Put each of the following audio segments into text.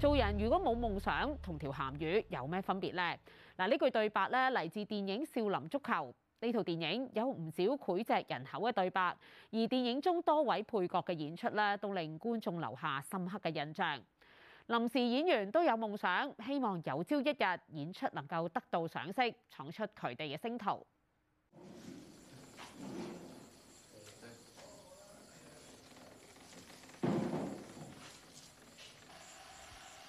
做人如果冇夢想，同條鹹魚有咩分別呢？嗱，呢句對白呢嚟自電影《少林足球》。呢套電影有唔少膾炙人口嘅對白，而電影中多位配角嘅演出呢都令觀眾留下深刻嘅印象。臨時演員都有夢想，希望有朝一日演出能夠得到賞識，闖出佢哋嘅星途。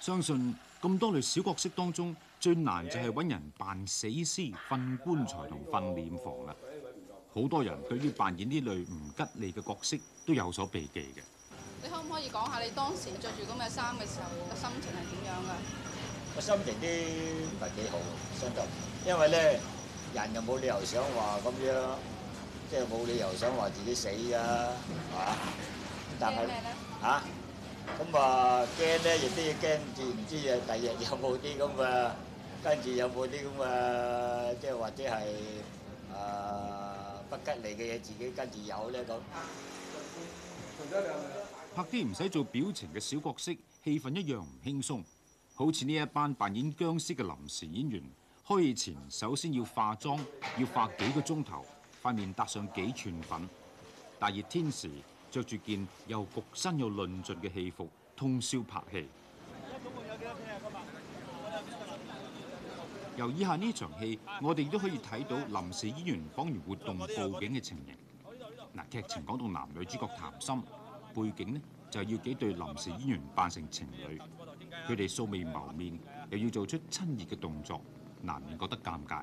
相信咁多類小角色當中，最難就係搵人扮死屍、瞓棺材同瞓殮房啦。好多人對於扮演呢類唔吉利嘅角色都有所避忌嘅。你可唔可以講下你當時着住咁嘅衫嘅時候嘅心情係點樣噶？個心情啲唔係幾好，真就，因為咧人又冇理由想話咁樣，即係冇理由想話自己死噶，係嘛？但係，啊？咁啊驚咧，亦都要驚住，唔知啊。第日有冇啲咁嘅，跟住有冇啲咁嘅，即係或者係啊不吉利嘅嘢，自己跟住有咧咁。拍啲唔使做表情嘅小角色，氣氛一樣唔輕鬆。好似呢一班扮演殭屍嘅臨時演員，開戲前首先要化妝，要化幾個鐘頭，塊面搭上幾串粉。大熱天時，着住件又焗身又論盡嘅戲服，通宵拍戲。由以下呢場戲，我哋都可以睇到臨時演員幫完活動佈景嘅情形。嗱，劇情講到男女主角談心，背景呢，就係要幾對臨時演員扮成情侶，佢哋素未謀面，又要做出親熱嘅動作，難免覺得尷尬。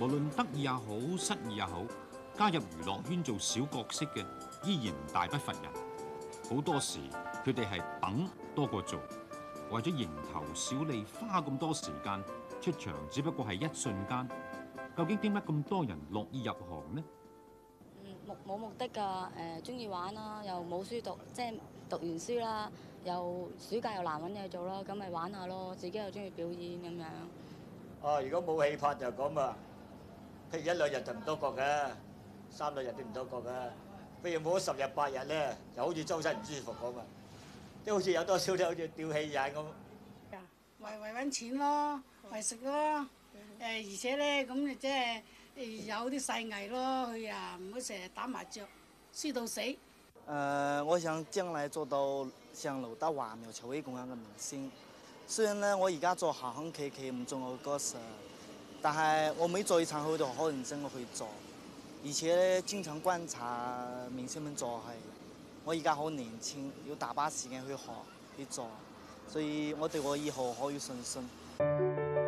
無論得意也好，失意也好，加入娛樂圈做小角色嘅依然大不乏人。好多時佢哋係等多過做，為咗蠅頭小利花咁多時間出場，只不過係一瞬間。究竟點解咁多人樂意入行呢？嗯，冇、冇目的㗎？誒、呃，中意玩啦，又冇書讀，即係讀完書啦，又暑假又難揾嘢做啦，咁咪玩下咯。自己又中意表演咁樣。啊，如果冇戲拍就咁啊！譬如一兩日就唔多覺嘅，三兩日都唔多覺嘅。譬如冇咗十日八日咧，又好似周身唔舒服咁啊，即係好似有多少咧，好似吊氣眼咁。為為揾錢咯，為食咯。誒，而且咧咁誒即係有啲細藝咯，佢啊唔好成日打麻雀，輸到死。誒、呃，我想將來做到像劉德華、苗僑偉咁樣嘅明星。雖然咧，我而家做行行企企唔中我個歌。但係我每做一場戲我都好認真去做，而且咧經常觀察明星們做戲，我而家好年輕，有大把時間去學去做，所以我對我以後好有信心。